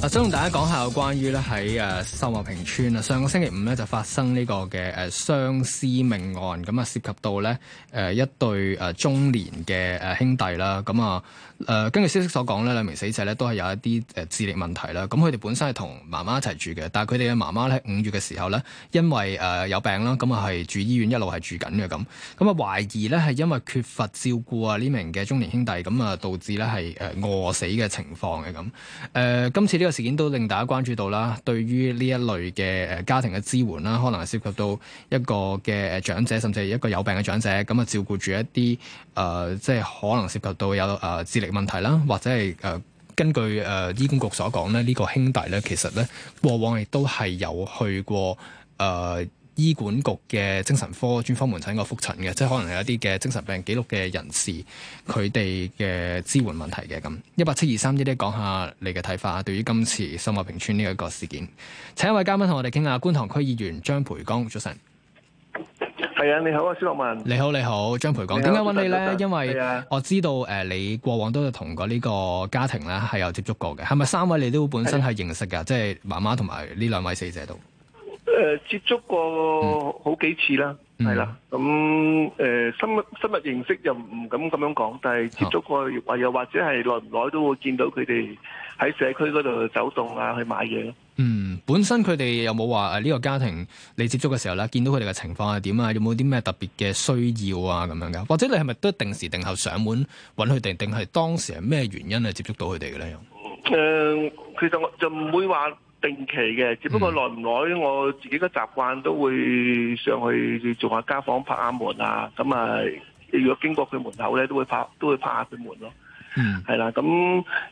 想同大家講下有關於咧喺誒秀茂坪邨啊，上個星期五咧就發生呢個嘅誒雙屍命案，咁啊涉及到咧誒、呃、一對誒、呃、中年嘅誒兄弟啦，咁啊誒根據消息所講咧，兩名死者咧都係有一啲誒、呃、智力問題啦，咁佢哋本身係同媽媽一齊住嘅，但係佢哋嘅媽媽咧五月嘅時候咧因為誒、呃、有病啦，咁啊係住醫院一路係住緊嘅咁，咁啊懷疑咧係因為缺乏照顧啊呢名嘅中年兄弟，咁啊導致咧係誒餓死嘅情況嘅咁，誒、呃、今次呢個。事件都令大家關注到啦，對於呢一類嘅誒家庭嘅支援啦，可能，係、可能涉及到一個嘅誒長者，甚至係一個有病嘅長者，咁啊照顧住一啲誒，即係可能涉及到有誒智力問題啦，或者係誒、呃、根據誒、呃、醫管局所講咧，呢、呢個兄弟咧其實咧過往亦都係有去過誒、呃醫管局嘅精神科專科門診個複診嘅，即係可能有一啲嘅精神病記錄嘅人士，佢哋嘅支援問題嘅咁。一八七二三呢啲講下你嘅睇法啊，對於今次秀茂坪邨呢一個事件，請一位嘉賓同我哋傾下。觀塘區議員張培剛早晨，係啊， 你好啊，蘇樂文，你好你好，張培剛，點解問你咧？因為我知道誒、呃，你過往都有同過呢個家庭咧，係有接觸過嘅。係咪三位你都本身係認識噶？即係媽媽同埋呢兩位死者都。誒接觸過好幾次啦，係、嗯、啦，咁誒生物生物形式又唔敢咁樣講，但係接觸過或、哦、又或者係耐唔耐都會見到佢哋喺社區嗰度走動啊，去買嘢咯。嗯，本身佢哋有冇話誒呢個家庭你接觸嘅時候啦，見到佢哋嘅情況係點啊？有冇啲咩特別嘅需要啊？咁樣噶，或者你係咪都定時定候上門揾佢哋？定係當時係咩原因係接觸到佢哋嘅咧？誒、嗯，其實我就唔會話，定期嘅，只不過耐唔耐，我自己嘅習慣都會上去做下家訪，拍下門啊。咁啊，如果經過佢門口咧，都會拍，都會拍下佢門咯。嗯，係啦。咁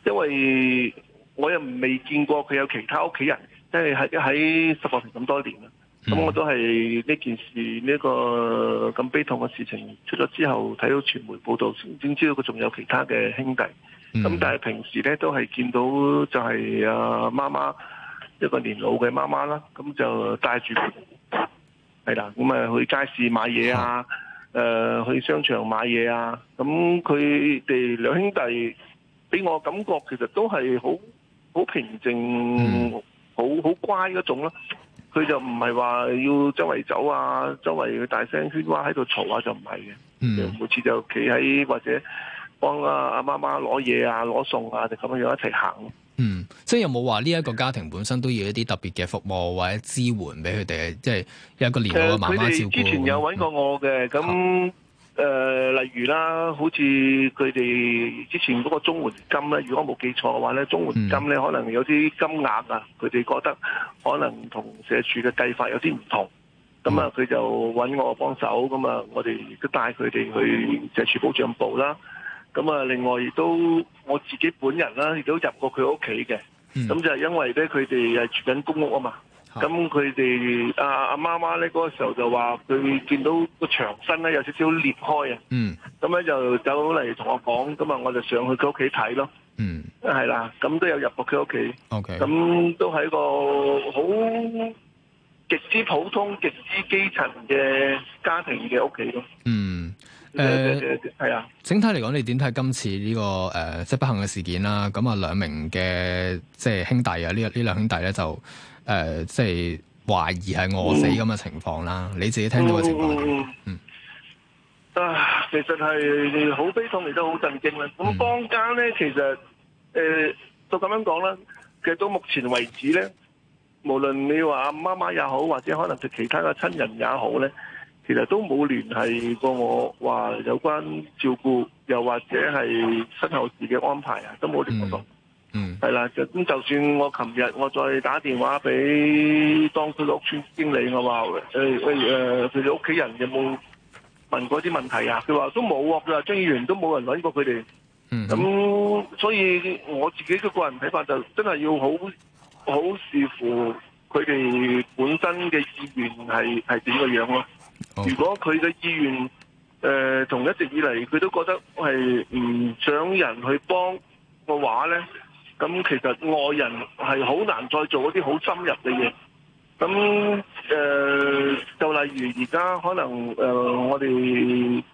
因為我又未見過佢有其他屋企人，即係喺喺秀茂坪咁多年啦。咁我都係呢件事呢、呢個咁悲痛嘅事情出咗之後，睇到傳媒報道，先知道佢仲有其他嘅兄弟。咁、嗯嗯、但係平時咧都係見到就係、是、啊媽媽。一個年老嘅媽媽啦，咁就帶住，係啦，咁啊去街市買嘢啊，誒、嗯呃、去商場買嘢啊，咁佢哋兩兄弟俾我感覺其實都係好好平靜，好、嗯、好乖嗰種咯。佢就唔係話要周圍走啊，周圍去大聲喧嘩喺度嘈啊，就唔係嘅。嗯，每次就企喺或者幫啊阿媽媽攞嘢啊，攞餸啊，就咁樣一齊行。嗯，即係有冇話呢一個家庭本身都要一啲特別嘅服務或者支援俾佢哋？即係有一個年老嘅媽媽照顧。之前有揾過我嘅，咁、嗯、誒、呃、例如啦，好似佢哋之前嗰個綜援金咧，如果冇記錯嘅話咧，綜援金咧可能有啲金額啊，佢哋覺得可能同社署嘅計法有啲唔同，咁啊佢就揾我幫手，咁啊我哋都帶佢哋去社署保障部啦。咁啊，另外亦都我自己本人啦，亦都入過佢屋企嘅。咁就係因為咧，佢哋係住緊公屋啊嘛。咁佢哋阿阿媽媽咧，嗰、啊、個時候就話佢見到個牆身咧有少少裂開啊。咁、嗯、咧就走嚟同我講，咁啊我就上去佢屋企睇咯。嗯，係啦，咁都有入過佢屋企。OK. 咁都係一個好極之普通、極之基層嘅家庭嘅屋企咯。嗯。.誒，係啊！整體嚟講，你點睇今次呢、這個誒、呃，即係不幸嘅事件啦？咁啊，兩名嘅即係兄弟啊，呢呢兩兄弟咧就誒、呃，即係懷疑係餓死咁嘅情況啦、嗯。你自己聽到嘅情況，嗯，嗯，啊，其實係好悲痛，亦都好震驚啦。咁坊間咧，其實誒，就咁樣講啦。其實到目前為止咧，無論你話阿媽媽也好，或者可能對其他嘅親人也好咧。其實都冇聯繫過我，話有關照顧，又或者係身後事嘅安排啊，都冇聯絡到。嗯，係、嗯、啦，就咁就算我琴日我再打電話俾當區屋村經理，我話誒誒佢哋屋企人有冇問過啲問題啊？佢話都冇喎，佢話張議員都冇人搵過佢哋。咁、嗯、所以我自己嘅個人睇法就真係要好好視乎佢哋本身嘅意願係係點個樣咯。如果佢嘅意願，誒、呃，同一直以嚟佢都覺得係唔想人去幫嘅話咧，咁其實外人係好難再做一啲好深入嘅嘢。咁誒、呃，就例如而家可能誒、呃，我哋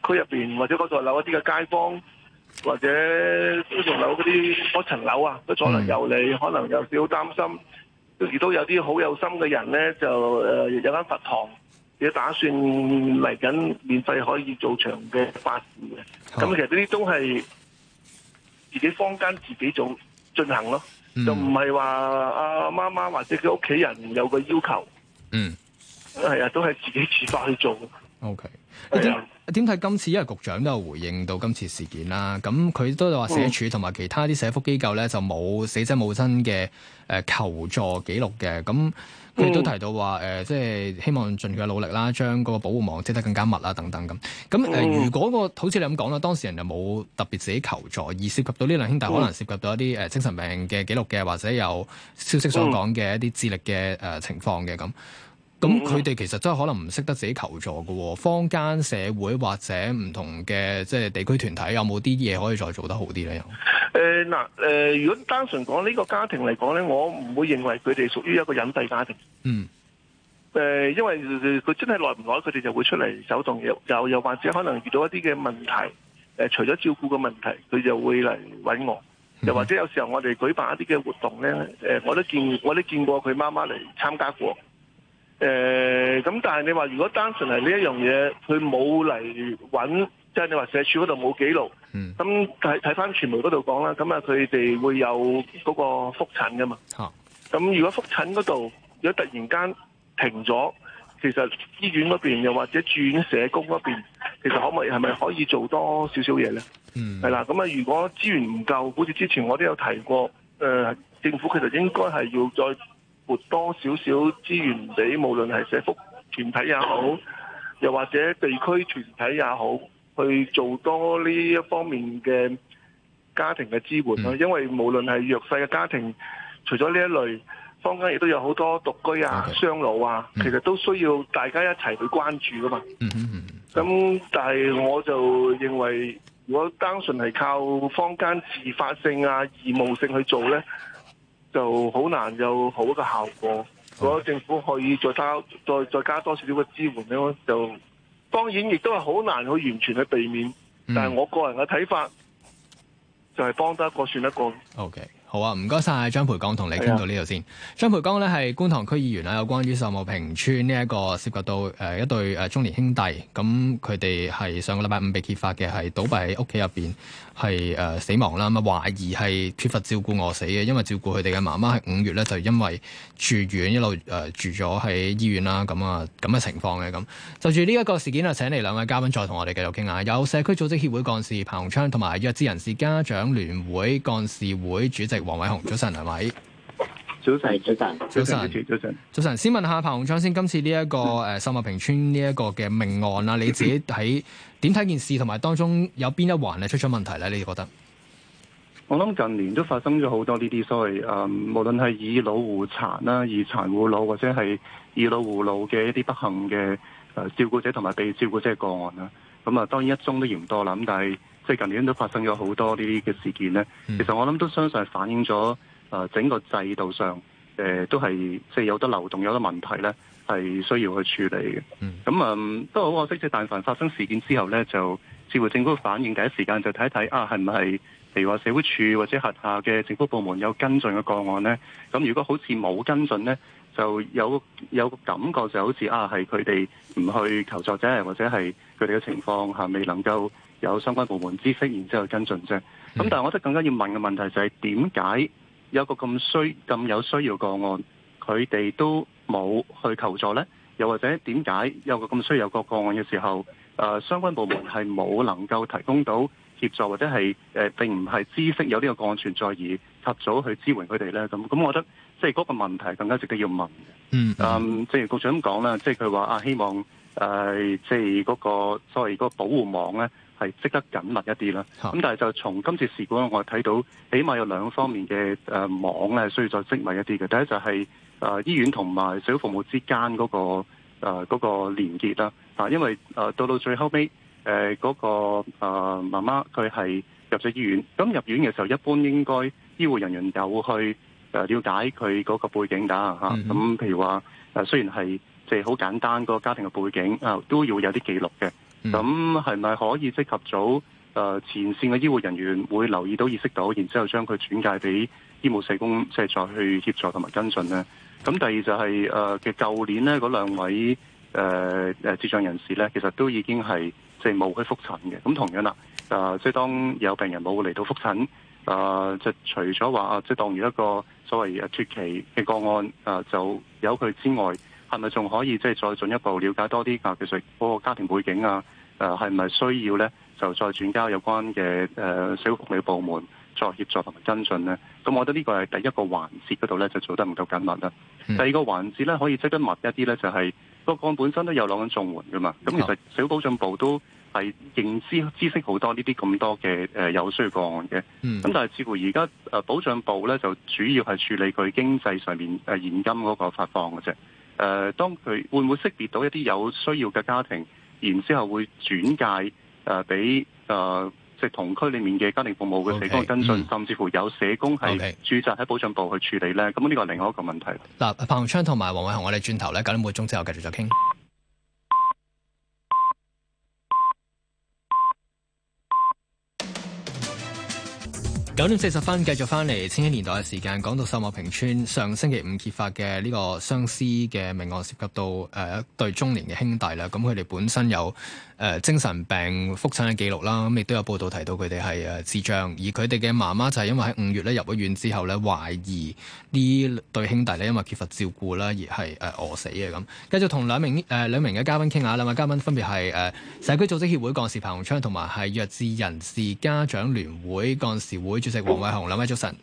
區入邊或者嗰座樓一啲嘅街坊，或者都座樓嗰啲嗰層樓啊，都可能由你，可能有少少擔心，亦都有啲好有心嘅人咧，就誒、呃、有間佛堂。打算嚟緊，免費可以做長嘅法事嘅。咁其實呢啲都係自己坊間自己做進行咯、嗯，就唔係話阿媽媽或者佢屋企人有個要求。嗯，係啊，都係自己自發去做。O K，你點點睇今次？因為局長都有回應到今次事件啦。咁佢都有話社署同埋其他啲社福機構咧，就冇死者母親嘅誒求助記錄嘅。咁佢 都提到話誒，即、呃、係、就是、希望盡佢嘅努力啦，將嗰個保護網砌得更加密啦，等等咁。咁、呃、 如果個好似你咁講啦，當事人又冇特別自己求助，而涉及到呢兩兄弟，可能涉及到一啲精神病嘅記錄嘅，或者有消息所講嘅一啲智力嘅情況嘅咁。呃 呃嗯咁佢哋其實真係可能唔識得自己求助㗎喎，坊間社會或者唔同嘅即係地區團體有冇啲嘢可以再做得好啲咧？又嗱誒如果單純講呢個家庭嚟講咧，我唔會認為佢哋屬於一個隱蔽家庭。嗯。誒、呃，因為佢、呃、真係耐唔耐，佢哋就會出嚟走動，又又又或者可能遇到一啲嘅問題。呃、除咗照顧嘅問題，佢就會嚟揾我、嗯。又或者有時候我哋舉辦一啲嘅活動咧、呃，我都見我都見過佢媽媽嚟參加過。誒、呃，咁但係你話如果單純係呢一樣嘢，佢冇嚟揾，即係你話社署嗰度冇記錄，咁睇睇翻傳媒嗰度講啦，咁啊佢哋會有嗰個複診噶嘛？咁、啊、如果複診嗰度，如果突然間停咗，其實醫院嗰邊又或者住院社工嗰邊，其實可唔可以係咪可以做多少少嘢咧？嗯，係啦，咁啊如果資源唔夠，好似之前我都有提過，誒、呃，政府其實應該係要再。撥多少少資源俾，無論係社福團體也好，又或者地區團體也好，去做多呢一方面嘅家庭嘅支援啦。嗯。因為無論係弱勢嘅家庭，除咗呢一類，坊間亦都有好多獨居啊、okay. 雙老啊，其實都需要大家一齊去關注噶嘛。嗯嗯。咁但係我就認為，如果單純係靠坊間自發性啊、義務性去做呢。就好難有好嘅效果，okay. 如果政府可以再加再再加多少少嘅支援咧，就當然亦都係好難去完全去避免，mm. 但係我個人嘅睇法就係幫得一個算一個。O K。好啊，唔該晒。張培剛同你傾到呢度先。張培剛呢係觀塘區議員啊，有關於秀茂坪邨呢一個涉及到誒一對誒中年兄弟，咁佢哋係上個禮拜五被揭發嘅，係倒閉喺屋企入邊，係誒、呃、死亡啦，咁啊懷疑係缺乏照顧餓死嘅，因為照顧佢哋嘅媽媽係五月咧就因為住院一路誒住咗喺醫院啦，咁啊咁嘅情況咧咁。就住呢一個事件啊，請嚟兩位嘉賓再同我哋繼續傾下，有社區組織協會幹事彭鴻昌同埋弱智人士家長聯會幹事會主席。黃偉雄，早晨係咪？早晨，早晨，早晨，早晨，早晨。先問下彭鴻昌先，今次呢、這、一個誒、嗯呃，秀茂坪邨呢一個嘅命案啊，你自己喺點睇件事，同埋當中有邊一環咧出咗問題咧？你覺得？嗯、我諗近年都發生咗好多呢啲所謂誒、嗯，無論係以老護殘啦，以殘護老，或者係以老護老嘅一啲不幸嘅誒，照顧者同埋被照顧者個案啦。咁啊，當然一宗都嫌多啦。咁但係。即近年都發生咗好多呢啲嘅事件咧、嗯，其實我諗都相信反映咗誒整個制度上誒、呃、都係即係有得流動，有得問題咧，係需要去處理嘅。咁、嗯、誒、嗯、都好可惜，即但凡發生事件之後咧，就似乎政府反應，第一時間就睇一睇啊，係咪譬如話社會署或者轄下嘅政府部門有跟進嘅個案咧？咁如果好似冇跟進咧，就有有個感覺就好似啊，係佢哋唔去求助者，或者係佢哋嘅情況係未能夠。有相關部門知識，然之後跟進啫。咁但係我覺得更加要問嘅問題就係點解有個咁需、咁有需要個案，佢哋都冇去求助呢？又或者點解有個咁需、有個個案嘅時候，誒相關部門係冇能夠提供到協助，或者係誒並唔係知識有呢個個案存在而及早去支援佢哋呢？咁咁，我覺得即係嗰個問題更加值得要問。嗯，即係局長講啦，即係佢話啊，希望誒即係嗰個所謂嗰個保護網呢。係積得緊密一啲啦，咁但係就從今次事故咧，我睇到起碼有兩方面嘅誒、呃、網咧，需要再積密一啲嘅。第一就係、是、誒、呃、醫院同埋社會服務之間嗰、那個誒嗰、呃那個連結啦，啊，因為誒、呃、到到最後尾誒嗰個誒、呃、媽媽佢係入咗醫院，咁入院嘅時候一般應該醫護人員有去誒了解佢嗰個背景㗎吓，咁、啊 mm -hmm. 啊、譬如話誒雖然係即係好簡單嗰、那個家庭嘅背景啊，都要有啲記錄嘅。咁係咪可以即及早誒前線嘅醫護人員會留意到、意識到，然之後將佢轉介俾醫務社工，即係再去協助同埋跟進呢。咁第二就係誒嘅舊年呢嗰兩位誒誒、呃、智障人士呢，其實都已經係即冇去覆診嘅。咁同樣啦，誒、呃、即係當有病人冇嚟到覆診，誒、呃、即係除咗話即當如一個所謂誒脫期嘅個案，誒、呃、就有佢之外。係咪仲可以即係再進一步了解多啲啊？其實嗰個家庭背景啊，誒係咪需要咧，就再轉交有關嘅誒社會服務部門再協助同埋跟進咧？咁我覺得呢個係第一個環節嗰度咧就做得唔夠緊密啦、嗯。第二個環節咧可以積得密一啲咧、就係，就係個案本身都有兩種綜援噶嘛。咁其實社會保障部都係認知知識好多呢啲咁多嘅誒有需要個案嘅。咁、嗯、但係似乎而家誒保障部咧就主要係處理佢經濟上面誒現金嗰個發放嘅啫。誒、呃，當佢會唔會識別到一啲有需要嘅家庭，然後之後會轉介誒俾誒即係同區裡面嘅家庭服務嘅地方跟進 okay、嗯，甚至乎有社工係住宅喺保障部去處理咧，咁、okay. 呢個係另外一個問題。嗱，彭鴻昌同埋黃偉雄，我哋轉頭咧九點半鐘之後繼續再傾。九點四十分，繼續翻嚟千禧年代嘅時間，講到秀茂坪邨上星期五揭發嘅呢個雙屍嘅命案，涉及到誒一、呃、對中年嘅兄弟啦。咁佢哋本身有誒、呃、精神病覆診嘅記錄啦，咁亦都有報道提到佢哋係誒智障，而佢哋嘅媽媽就係因為喺五月咧入咗院之後咧，懷疑呢對兄弟咧因為缺乏照顧啦，而係誒餓死嘅咁。繼續同兩名誒兩、呃、名嘅嘉賓傾下啦，兩位嘉賓分別係誒社區組織協會幹事彭鴻昌，同埋係弱智人士家長聯會幹事會。主席黃偉雄，兩位早晨，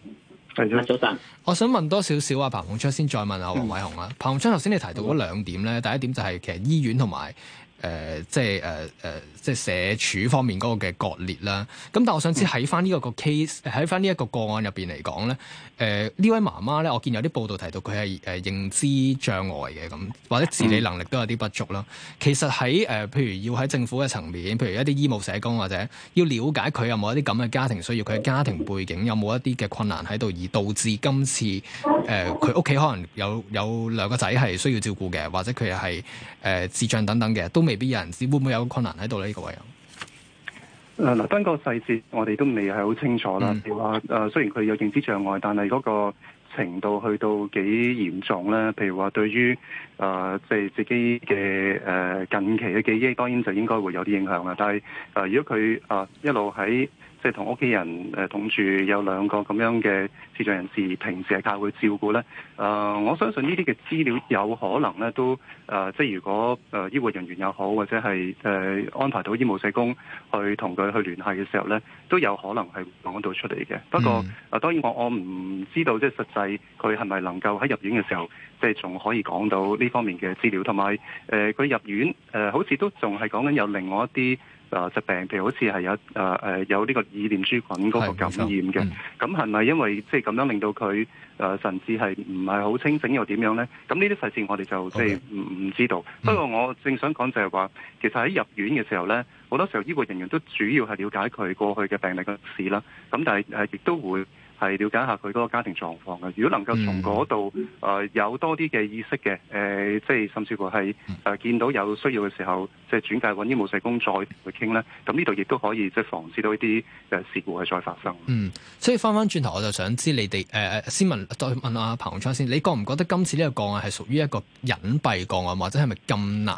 兩位早晨。我想問多少少啊，彭鴻昌，先再問下黃偉雄啊、嗯。彭鴻昌，頭先你提到嗰兩點咧、嗯，第一點就係其實醫院同埋誒，即係誒誒。呃呃即係社署方面嗰個嘅割裂啦。咁但我想知喺翻呢一個 case，喺翻呢一個個案入邊嚟講咧，誒、呃、呢位媽媽咧，我見有啲報道提到佢係誒認知障礙嘅咁，或者自理能力都有啲不足啦。其實喺誒、呃、譬如要喺政府嘅層面，譬如一啲醫務社工或者要了解佢有冇一啲咁嘅家庭需要，佢嘅家庭背景有冇一啲嘅困難喺度，而導致今次誒佢屋企可能有有兩個仔係需要照顧嘅，或者佢係誒智障等等嘅，都未必有人知會唔會有個困難喺度咧？呢個位啊，誒、呃、嗱，單個細節我哋都未係好清楚啦。譬如話誒、呃，雖然佢有認知障礙，但係嗰個程度去到幾嚴重咧？譬如話對於誒，即、呃、係、就是、自己嘅誒、呃、近期嘅記憶，當然就應該會有啲影響啦。但係誒、呃，如果佢誒、呃、一路喺。即係同屋企人誒、呃、同住有兩個咁樣嘅智障人士，平時係教佢照顧咧。誒、呃，我相信呢啲嘅資料有可能咧都誒、呃，即係如果誒、呃、醫護人員又好，或者係誒、呃、安排到醫務社工去同佢去聯繫嘅時候咧，都有可能係講到出嚟嘅。不過啊、嗯，當然我我唔知道即係實際佢係咪能夠喺入院嘅時候，即係仲可以講到呢方面嘅資料，同埋誒佢入院誒、呃，好似都仲係講緊有另外一啲。誒、呃、疾病，譬如好似係有誒有呢個意念珠菌嗰個感染嘅，咁係咪因為即係咁樣令到佢誒神志係唔係好清醒又點樣咧？咁呢啲細節我哋就即係唔唔知道。不過我正想講就係、是、話，其實喺入院嘅時候咧，好、嗯、多時候醫護人員都主要係了解佢過去嘅病歷嘅歷史啦。咁但係亦都會係了解下佢嗰個家庭狀況嘅。如果能夠從嗰度誒有多啲嘅意識嘅、呃，即係甚至乎係誒見到有需要嘅時候。即係轉介揾啲冇社工再去同佢傾咧，咁呢度亦都可以即係防止到呢啲誒事故係再發生。嗯，所以翻翻轉頭，我就想知你哋誒、呃、先問再問阿、啊、彭鴻昌先，你覺唔覺得今次呢個，個案係屬於一個隱蔽個案，或者係咪咁難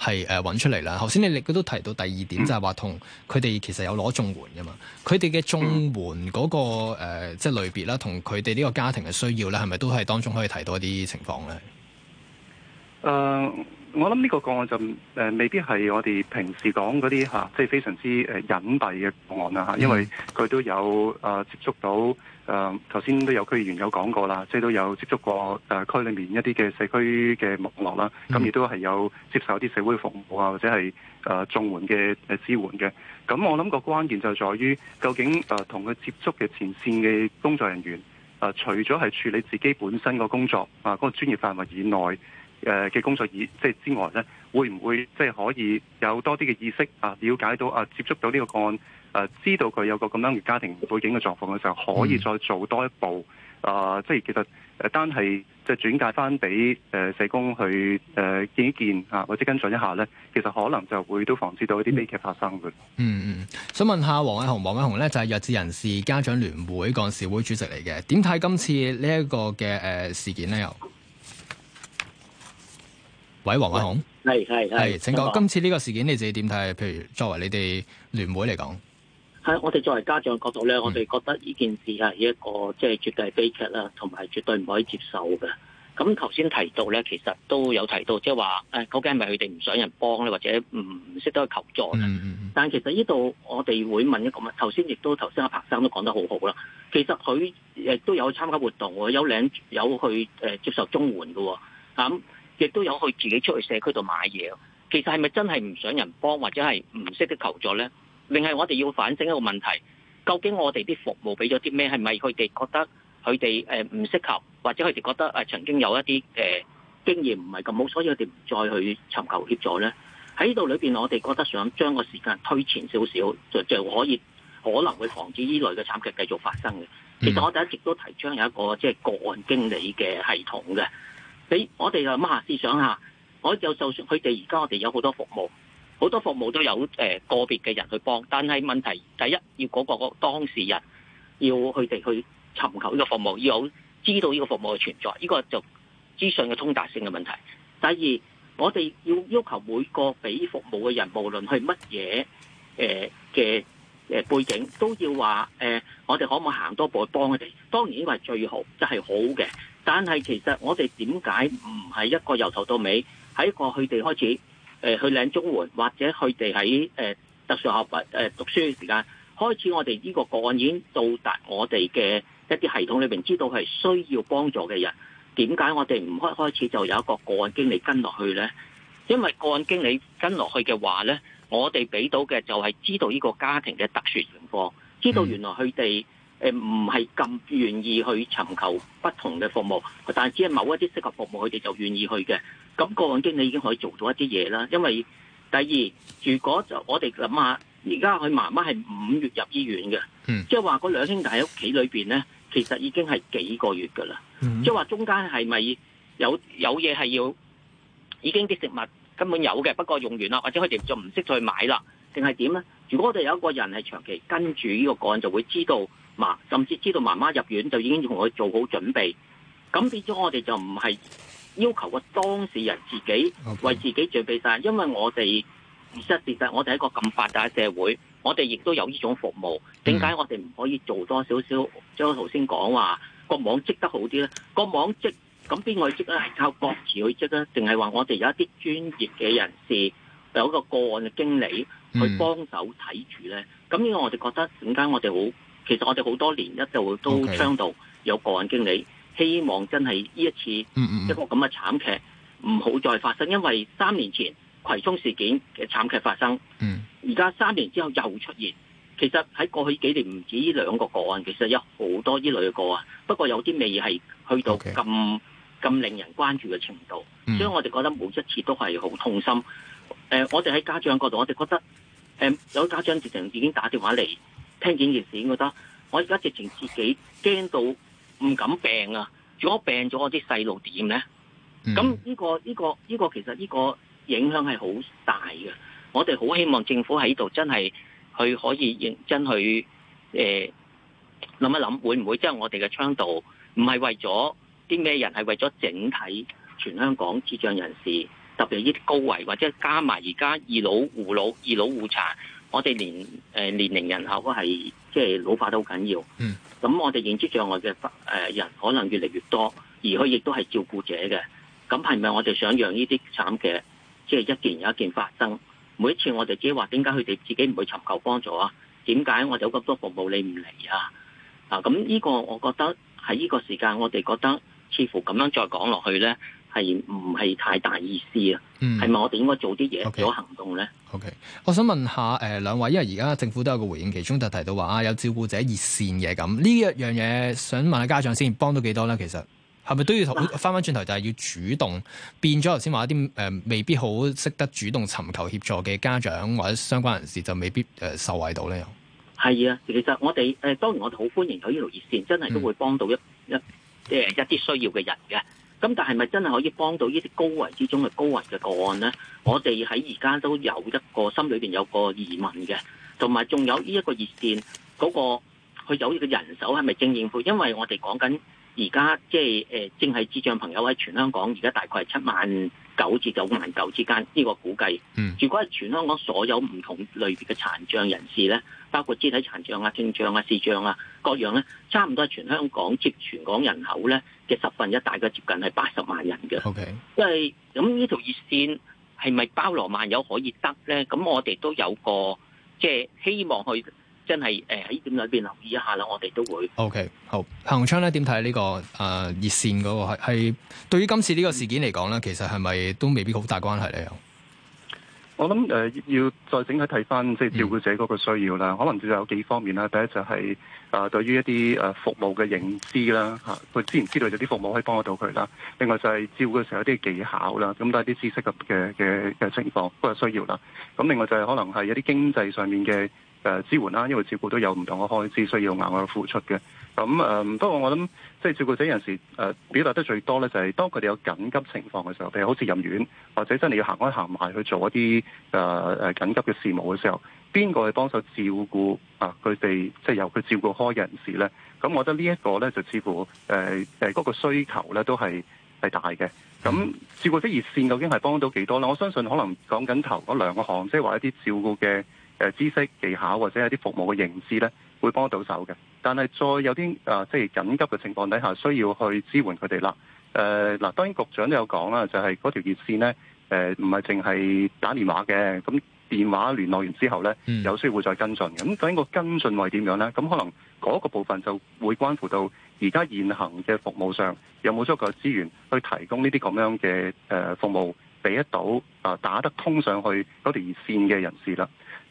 係誒揾出嚟咧？頭先你亦都提到第二點，嗯、就係話同佢哋其實有攞綜援噶嘛，佢哋嘅綜援嗰個、呃、即係類別啦，同佢哋呢個家庭嘅需要咧，係咪都係當中可以提到一啲情況咧？誒、嗯。我諗呢個個案就誒、呃、未必係我哋平時講嗰啲即係非常之誒隱蔽嘅個案啦、啊、因為佢都有誒、呃、接觸到誒，頭、呃、先都有區議員有講過啦，即、就、係、是、都有接觸過誒、呃、區裏面一啲嘅社區嘅網絡啦，咁、啊、亦都係有接受啲社會服務啊，或者係誒綜援嘅誒支援嘅。咁、啊、我諗個關鍵就在於，究竟誒同佢接觸嘅前線嘅工作人員誒、啊，除咗係處理自己本身個工作啊，嗰、那個專業範圍以外。誒嘅工作意，即係之外咧，會唔會即係可以有多啲嘅意識啊？瞭解到啊，接觸到呢個個案啊，知道佢有個咁樣嘅家庭背景嘅狀況嘅時候，可以再做多一步啊、嗯呃！即係其實誒單係即係轉介翻俾誒社工去誒見一見啊，或者跟進一下咧，其實可能就會都防止到一啲悲劇發生嘅。嗯嗯，想問下黃偉雄，黃偉雄咧就係弱智人士家長聯會幹事會主席嚟嘅，點睇今次呢一個嘅誒事件咧？又？位黃偉雄，係係係，請講。今次呢個事件，你自己點睇？譬如作為你哋聯會嚟講，喺我哋作為家長角度咧，我哋覺得呢件事係一個即係絕對係悲劇啦，同埋絕對唔可以接受嘅。咁頭先提到咧，其實都有提到，即係話誒，究竟係咪佢哋唔想人幫咧，或者唔識得去求助。嗯，嗯但其實呢度我哋會問一個問，頭先亦都頭先阿柏生都講得好好啦。其實佢亦都有參加活動，有領有去誒接受綜援嘅。咁、嗯亦都有去自己出去社區度買嘢，其實係咪真係唔想人幫或者係唔識得求助咧？定係我哋要反省一個問題，究竟我哋啲服務俾咗啲咩？係咪佢哋覺得佢哋誒唔適合，或者佢哋覺得誒曾經有一啲誒、呃、經驗唔係咁好，所以佢哋唔再去尋求協助咧？喺呢度裏邊，我哋覺得想將個時間推前少少，就就可以可能會防止呢類嘅慘劇繼續發生嘅。其實我哋一直都提倡有一個即係、就是、個案經理嘅系統嘅。你我哋啊，下試想下，我就就算佢哋而家我哋有好多服務，好多服務都有個別嘅人去幫，但係問題第一要嗰個當事人要佢哋去尋求呢個服務，要有知道呢個服務嘅存在，呢、這個就資訊嘅通達性嘅問題，第二，我哋要要求每個俾服務嘅人，無論去乜嘢嘅背景，都要話誒我哋可唔可以行多步去幫佢哋？當然呢個係最好，即、就、係、是、好嘅。但係其實我哋點解唔係一個由頭到尾喺一個佢哋開始，誒、呃、去領綜援或者佢哋喺誒特殊學校誒讀書嘅時間開始，我哋呢個個案已經到達我哋嘅一啲系統裏邊，知道係需要幫助嘅人，點解我哋唔開開始就有一個個案經理跟落去呢？因為個案經理跟落去嘅話呢，我哋俾到嘅就係知道呢個家庭嘅特殊情況，知道原來佢哋。誒唔係咁願意去尋求不同嘅服務，但係只係某一啲適合服務，佢哋就願意去嘅。咁個案經理已經可以做到一啲嘢啦。因為第二，如果就我哋諗下，而家佢媽媽係五月入醫院嘅，即係話嗰兩兄弟喺屋企裏面咧，其實已經係幾個月噶啦。即係話中間係咪有有嘢係要已經啲食物根本有嘅，不過用完啦，或者佢哋就唔識再買啦，定係點咧？如果我哋有一個人係長期跟住呢個個案，就會知道。嘛，甚至知道媽媽入院就已經同佢做好準備。咁變咗，我哋就唔係要求個當事人自己為自己準備晒，okay. 因為我哋而家事實，我哋喺一個咁發達嘅社會，我哋亦都有呢種服務。點解我哋唔可以做多少少？正、mm. 我頭先講話個網織得好啲呢？個網織咁，邊個織咧？係靠個詞去織咧，定係話我哋有一啲專業嘅人士有一個個案嘅經理去幫手睇住呢。咁呢個我哋覺得點解我哋好？其實我哋好多年一度都倡導有個案經理，okay. 希望真係呢一次一個咁嘅慘劇唔好再發生。Mm -hmm. 因為三年前葵涌事件嘅慘劇發生，而、mm、家 -hmm. 三年之後又出現。其實喺過去幾年，唔止呢兩個個案，其實有好多呢類嘅個案。不過有啲未係去到咁咁、okay. 令人關注嘅程度，mm -hmm. 所以我哋覺得每一次都係好痛心。誒、呃，我哋喺家長角度，我哋覺得誒、呃、有家長直情已經打電話嚟。聽見件事，覺得我而家直情自己驚到唔敢病啊！病了我的，如果病咗，我啲細路點咧？咁呢、呢個呢、呢個呢、呢個其實呢個影響係好大嘅。我哋好希望政府喺度真係去可以認真去誒諗、呃、一諗，會唔會即係我哋嘅倡導唔係為咗啲咩人，係為咗整體全香港智障人士，特別係呢啲高危，或者加埋而家二老護老、二老護殘。我哋年誒、呃、年齡人口都係即係老化得好緊要，咁、嗯、我哋認知障礙嘅誒人可能越嚟越多，而佢亦都係照顧者嘅，咁係咪我哋想讓呢啲慘劇即係一件又一件發生？每一次我哋只係話點解佢哋自己唔去尋求幫助啊？點解我哋有咁多服務你唔嚟啊？啊咁呢個我覺得喺呢個時間，我哋覺得似乎咁樣再講落去咧。係唔係太大意思啊？係、嗯、咪我哋應該做啲嘢咗行動咧？OK，我想問下誒兩、呃、位，因為而家政府都有個回應，其中就提到話有照顧者熱線嘅，咁呢一樣嘢，想問下家長先，幫到幾多咧？其實係咪都要同翻翻轉頭，就係、是、要主動變咗？頭先話一啲誒，未必好識得主動尋求協助嘅家長或者相關人士，就未必誒、呃、受惠到咧。又係啊，其實我哋誒、呃，當然我哋好歡迎有呢條熱線，真係都會幫到一、嗯、一即係、呃、一啲需要嘅人嘅。咁但係咪真係可以幫到呢啲高危之中嘅高危嘅個案呢？我哋喺而家都有一個心裏面有個疑問嘅，同埋仲有呢一個熱線嗰個，佢有呢個人手係咪正應付？因為我哋講緊而家即係誒正係智障朋友喺全香港而家大概係七萬。九至九萬九之間呢個估計。嗯，如果係全香港所有唔同類別嘅殘障人士呢，包括肢體殘障啊、聽障啊、視障啊各樣呢，差唔多係全香港接全港人口呢嘅十分一，大概接近係八十萬人嘅。O K，咁呢條熱線係咪包羅萬有可以得呢？咁我哋都有個即係希望去。真係誒喺呢點裏邊留意一下啦，我哋都會 OK。好，彭鴻昌咧點睇呢、這個誒、呃、熱線嗰、那個係係對於今次呢個事件嚟講咧，其實係咪都未必好大關係咧？我諗誒、呃、要再整體睇翻即係照顧者嗰個需要啦、嗯。可能就有幾方面啦。第一就係、是、誒、呃、對於一啲誒服務嘅認知啦嚇，佢知唔知道有啲服務可以幫得到佢啦。另外就係照顧嘅時候有啲技巧啦，咁多啲知識嘅嘅嘅情況都有需要啦。咁另外就係可能係一啲經濟上面嘅。誒支援啦，因為照顧都有唔同嘅開支，需要額外付出嘅。咁誒、嗯，不過我諗，即、就、係、是、照顧者人士誒、呃、表達得最多咧，就係、是、當佢哋有緊急情況嘅時候，譬如好似入院，或者真係要行開行埋去做一啲誒誒緊急嘅事務嘅時候，邊個去幫手照顧啊？佢哋即係由佢照顧開嘅人士咧。咁，我覺得這個呢一個咧，就似乎誒誒嗰個需求咧，都係係大嘅。咁照顧者熱線究竟係幫到幾多咧？我相信可能講緊頭嗰兩個項，即係話一啲照顧嘅。誒知識技巧或者係啲服務嘅認知咧，會幫得到手嘅。但係再有啲誒即係緊急嘅情況底下，需要去支援佢哋啦。誒、呃、嗱，當然局長都有講啦，就係、是、嗰條熱線咧，唔係淨係打電話嘅。咁電話聯絡完之後呢，有需要會再跟進嘅。咁究竟個跟進係點樣呢？咁可能嗰個部分就會關乎到而家現行嘅服務上，有冇足夠資源去提供呢啲咁樣嘅誒服務，俾得到啊打得通上去嗰條熱線嘅人士啦。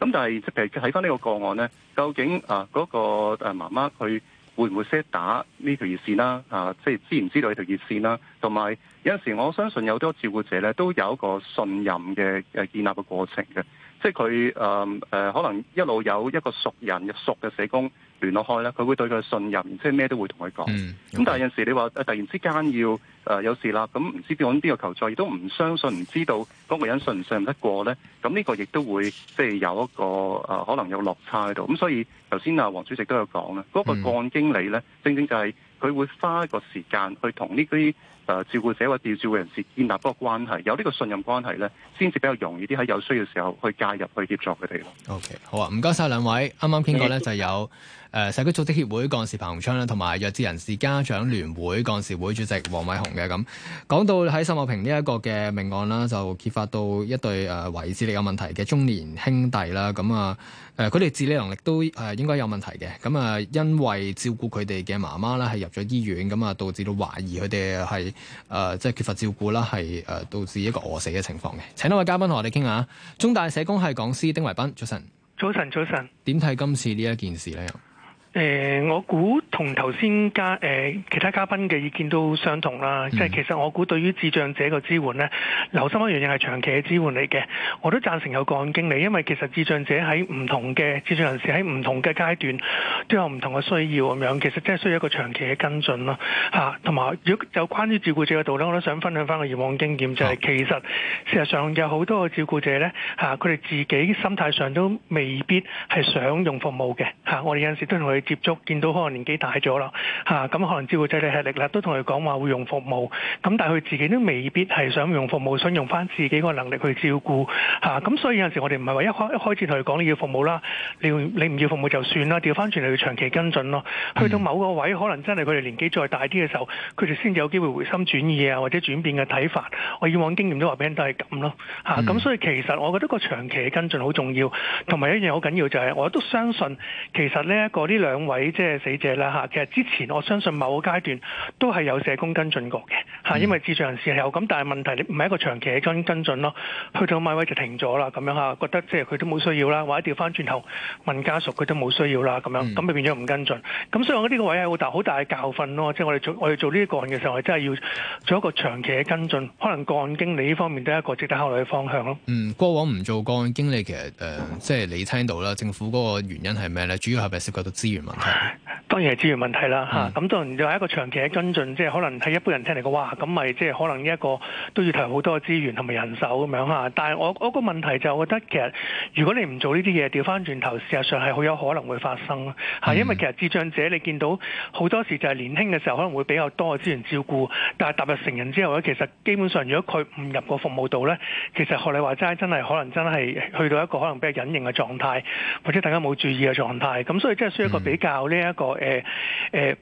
咁但係即係睇翻呢個個案咧，究竟啊嗰、那個誒媽媽佢會唔會先打呢條熱線啦、啊？啊，即係知唔知道呢條熱線啦、啊？同埋有陣時，我相信有好多照顧者咧，都有一個信任嘅誒、啊、建立嘅過程嘅。即係佢誒誒，可能一路有一個熟人、熟嘅社工聯絡開咧，佢會對佢信任，即係咩都會同佢講。咁、嗯嗯、但係有陣時候你話誒突然之間要誒、呃、有事啦，咁唔知邊個邊個求助，亦都唔相信，唔知道嗰個人信唔信任得過咧。咁呢個亦都會即係有一個誒、呃、可能有落差喺度。咁所以頭先啊，黃主席都有講啦，嗰、那個個案經理咧，正正就係佢會花一個時間去同呢啲。誒、啊、照顧者或者照顧人士建立嗰個關係，有呢個信任關係咧，先至比較容易啲喺有需要嘅時候去介入去協助佢哋咯。OK，好啊，唔該晒兩位。啱啱傾過咧， 就有誒、呃、社區組織協會幹事彭鴻昌啦，同埋弱智人士家長聯會幹事會主席黃偉雄嘅，咁講到喺秀茂坪呢一個嘅命案啦，就揭發到一對誒疑智力有問題嘅中年兄弟啦，咁啊誒佢哋自理能力都誒、呃、應該有問題嘅，咁啊、呃、因為照顧佢哋嘅媽媽啦係入咗醫院，咁啊導致到懷疑佢哋誒、呃，即、就、係、是、缺乏照顧啦，係誒、呃、導致一個餓死嘅情況嘅。請多位嘉賓同我哋傾下，中大社工系講師丁惟彬，早晨，早晨，早晨。點睇今次呢一件事咧？誒、呃，我估同頭先嘉其他嘉賓嘅意見都相同啦，mm -hmm. 即係其實我估對於智障者嘅支援呢，留心一樣嘢係長期嘅支援嚟嘅。我都贊成有個案經理，因為其實智障者喺唔同嘅智障人士喺唔同嘅階段都有唔同嘅需要咁樣，其實真係需要一個長期嘅跟進咯。嚇、啊，同埋如果有關於照顧者嘅道理，我都想分享翻個以往經驗，就係、是、其實事實上有好多嘅照顧者呢，嚇、啊，佢哋自己心態上都未必係想用服務嘅、啊、我哋有陣時都同佢。接觸見到可能年紀大咗啦，嚇、啊、咁可能照顧仔仔吃力啦，都同佢講話會用服務，咁但係佢自己都未必係想用服務，想用翻自己個能力去照顧嚇，咁、啊、所以有陣時我哋唔係話一開一開始同佢講你要服務啦，你你唔要服務就算啦，調翻轉嚟要長期跟進咯，去到某個位可能真係佢哋年紀再大啲嘅時候，佢哋先至有機會回心轉意啊，或者轉變嘅睇法。我以往經驗都話俾人都係咁咯，嚇、啊、咁所以其實我覺得個長期嘅跟進好重要，同埋一樣好緊要就係、是、我都相信其實呢一個呢兩。兩、嗯嗯、位即係死者啦嚇，其實之前我相信某個階段都係有社工跟進過嘅嚇，因為智障人士係有咁，但係問題你唔係一個長期嘅跟跟進咯，去到 m 位就停咗啦咁樣嚇，覺得即係佢都冇需要啦，或者調翻轉頭問家屬佢都冇需要啦咁樣，咁就變咗唔跟進。咁、嗯、所以我呢個位係好大好大嘅教訓咯，即係我哋做我哋做呢個案嘅時候，我真係要做一個長期嘅跟進，可能個案經理呢方面都係一個值得考慮嘅方向咯。嗯，過往唔做個案經理其實誒、呃，即係你聽到啦，政府嗰個原因係咩咧？主要係咪涉及到資源？當然係資源問題啦吓，咁當然就係一個長期嘅跟進，即係可能喺一般人聽嚟嘅哇，咁咪即係可能呢一個都要投入好多嘅資源同埋人手咁樣吓，但係我我個問題就係我覺得其實如果你唔做呢啲嘢，調翻轉頭，事實上係好有可能會發生、嗯、因為其實智障者你見到好多時就係年輕嘅時候可能會比較多嘅資源照顧，但係踏入成人之後咧，其實基本上如果佢唔入個服務度咧，其實學你話齋，真係可能真係去到一個可能比較隱形嘅狀態，或者大家冇注意嘅狀態，咁所以真係需要一個比比較呢、這、一個誒、呃呃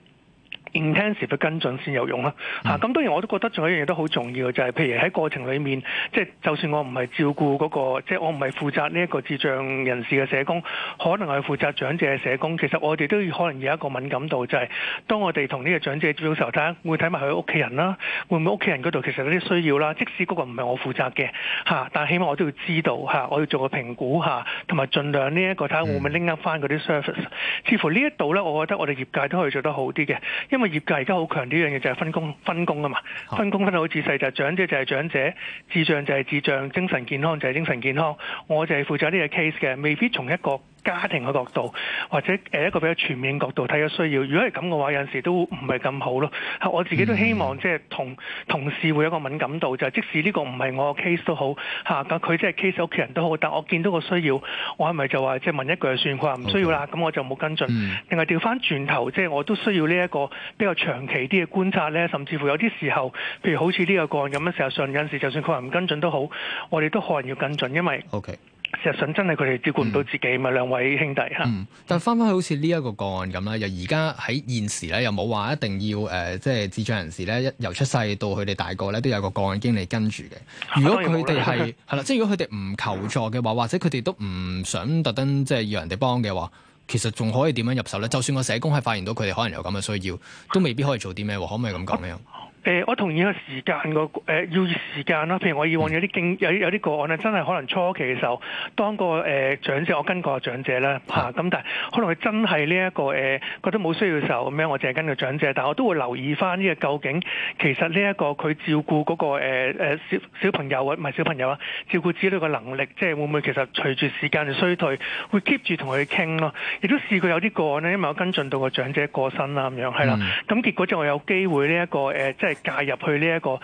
Intensive 嘅跟進先有用啦嚇，咁、mm. 當然我都覺得仲有一樣嘢都好重要嘅，就係、是、譬如喺過程裏面，即係就算我唔係照顧嗰、那個，即、就、係、是、我唔係負責呢一個智障人士嘅社工，可能係負責長者嘅社工，其實我哋都可能有一個敏感度，就係、是、當我哋同呢個長者接觸時候，睇下會睇埋佢屋企人啦，會唔會屋企人嗰度其實有啲需要啦，即使嗰個唔係我負責嘅嚇，但係起碼我都要知道我要做個評估嚇，同埋儘量呢、這、一個睇下會唔會拎翻翻嗰啲 service，、mm. 似乎呢一度呢，我覺得我哋業界都可以做得好啲嘅，因因為業界而家好強調呢樣嘢就係分工，分工啊嘛，分工分到好仔細，就係長者就係長者，智障就係智障，精神健康就係精神健康，我就係負責呢個 case 嘅，未必從一個。家庭嘅角度，或者誒一個比較全面角度睇下需要，如果係咁嘅話，有陣時都唔係咁好咯。我自己都希望、mm -hmm. 即係同同事會有一個敏感度，就係、是、即使呢個唔係我嘅 case 都好，嚇咁佢即係 case 屋企人都好，但我見到個需要，我係咪就話即係問一句就算佢話唔需要啦，咁、okay. 我就冇跟進。另外調翻轉頭，即、就、係、是、我都需要呢一個比較長期啲嘅觀察呢。甚至乎有啲時候，譬如好似呢個個案咁樣，事實上有陣時就算佢話唔跟進都好，我哋都可能要跟進，因為、okay。其實上真係佢哋照顧唔到自己嘛、嗯，兩位兄弟嚇、嗯。但翻翻去好似呢一個個案咁啦，又而家喺現時咧，又冇話一定要、呃、即係智障人士咧，一由出世到佢哋大個咧，都有個個案經理跟住嘅。如果佢哋係係啦， 即係如果佢哋唔求助嘅話，或者佢哋都唔想特登即係要人哋幫嘅話，其實仲可以點樣入手咧？就算個社工係發現到佢哋可能有咁嘅需要，都未必可以做啲咩喎？可唔可以咁講咧？ 誒、呃，我同意個時間個誒、呃、要時間啦。譬如我以往有啲經有有啲個案咧，真係可能初期嘅時候，當個誒、呃、長者，我跟個長者呢。咁、啊、但係可能佢真係呢一個誒、呃、覺得冇需要嘅時候咁樣我淨係跟個長者。但我都會留意翻呢、這個究竟其實呢、這、一個佢照顧嗰、那個誒、呃、小小朋友或唔係小朋友啊，照顧子女嘅能力，即係會唔會其實隨住時間嘅衰退，會 keep 住同佢傾咯。亦都試過有啲個案呢因為我跟進到個長者過身啦咁樣，係啦。咁、嗯、結果就我有機會呢、這、一個、呃、即係介入去呢、這、一個誒、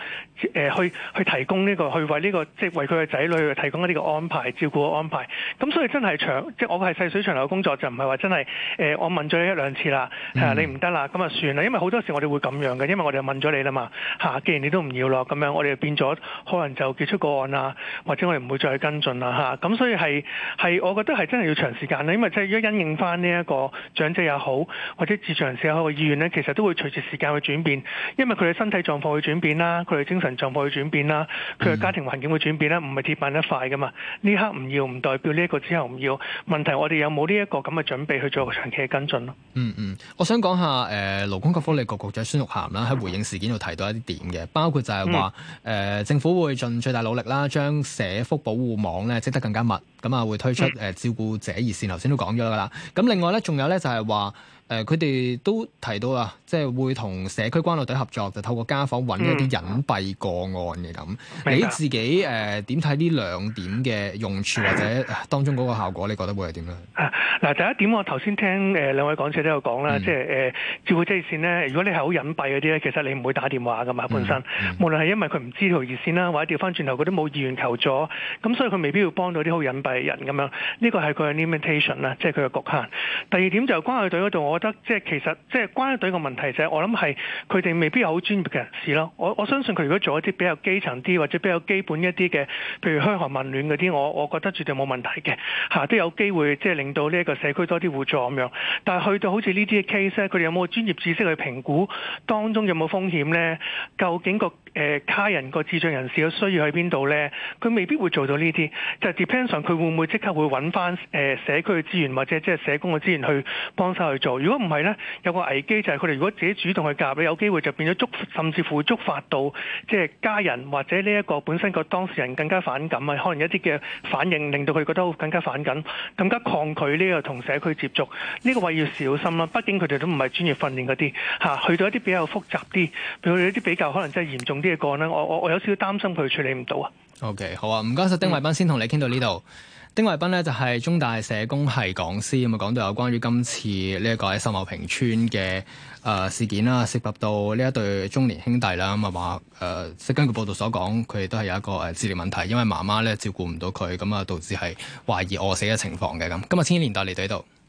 呃，去去提供呢、這個，去為呢、這個即係為佢嘅仔女提供一啲嘅安排，照顧嘅安排。咁所以真係長，即係我係細水長流嘅工作，就唔係話真係誒、呃，我問咗你一兩次啦，係啊，你唔得啦，咁啊算啦。因為好多時我哋會咁樣嘅，因為我哋問咗你啦嘛嚇。既然你都唔要咯，咁樣我哋就變咗可能就結束個案啦，或者我哋唔會再去跟進啦嚇。咁、啊、所以係係，我覺得係真係要長時間啦，因為即係如果因應翻呢一個長者也好，或者自長者嘅意願咧，其實都會隨住時間去轉變，因為佢哋身體。狀況會轉變啦，佢哋精神狀況會轉變啦，佢嘅家庭環境會轉變啦，唔係鐵板一塊噶嘛。呢刻唔要唔代表呢一個之後唔要，問題我哋有冇呢一個咁嘅準備去做長期嘅跟進咯？嗯嗯，我想講下誒勞、呃、工及福利局局長孫玉菡啦，喺回應事件度提到一啲點嘅，包括就係話誒政府會盡最大努力啦，將社福保護網咧織得更加密，咁啊會推出誒、嗯、呃、照顧者熱線，頭先都講咗噶啦。咁另外咧仲有咧就係、是、話。誒佢哋都提到啊，即係會同社區關愛隊合作，就透過家訪揾一啲隱蔽個案嘅咁、嗯。你自己誒點睇呢兩點嘅用處或者當中嗰個效果？你覺得會係點樣？嗱、啊，第一點我頭先聽誒、呃、兩位講者都有講啦、嗯，即係誒照顧熱線呢，如果你係好隱蔽嗰啲咧，其實你唔會打電話噶嘛，本、嗯、身、嗯、無論係因為佢唔知道條熱線啦，或者掉翻轉頭嗰啲冇意願求助，咁所以佢未必要幫到啲好隱蔽嘅人咁樣。呢個係佢嘅 limitation 啦，即係佢嘅局限。第二點就係關愛隊嗰度我。得即係其實即係關隊嘅問題就係我諗係佢哋未必有好專業嘅人士咯。我我相信佢如果做一啲比較基層啲或者比較基本一啲嘅，譬如噓寒問暖嗰啲，我我覺得絕對冇問題嘅嚇，都有機會即係令到呢一個社區多啲互助咁樣。但係去到好似呢啲嘅 case 咧，佢哋有冇專業知識去評估當中有冇風險咧？究竟個誒家人個智障人士嘅需要喺邊度呢？佢未必會做到呢啲，就係 depends on 佢會唔會即刻會揾翻誒社區嘅資源或者即係社工嘅資源去幫手去做。如果唔係呢，有個危機就係佢哋如果自己主動去夾咧，有機會就變咗觸，甚至乎觸發到即係家人或者呢一個本身個當事人更加反感啊！可能一啲嘅反應令到佢覺得更加反感、更加抗拒呢個同社區接觸，呢個位要小心啦。畢竟佢哋都唔係專業訓練嗰啲嚇，去到一啲比較複雜啲，譬如一啲比較可能真係嚴重。啲嘢講咧，我我我有少少擔心佢處理唔到啊。OK，好啊，唔該晒。丁惟彬，先同你傾到呢度。丁惟彬咧就係、是、中大社工系講師咁啊，講到有關於今次呢一個喺秀茂坪村嘅誒、呃、事件啦，涉及到呢一對中年兄弟啦咁啊話誒，即、嗯呃、根據報道所講，佢哋都係有一個誒智力問題，因為媽媽咧照顧唔到佢咁啊，導致係懷疑餓死嘅情況嘅咁、嗯。今日千禧年代嚟到呢度。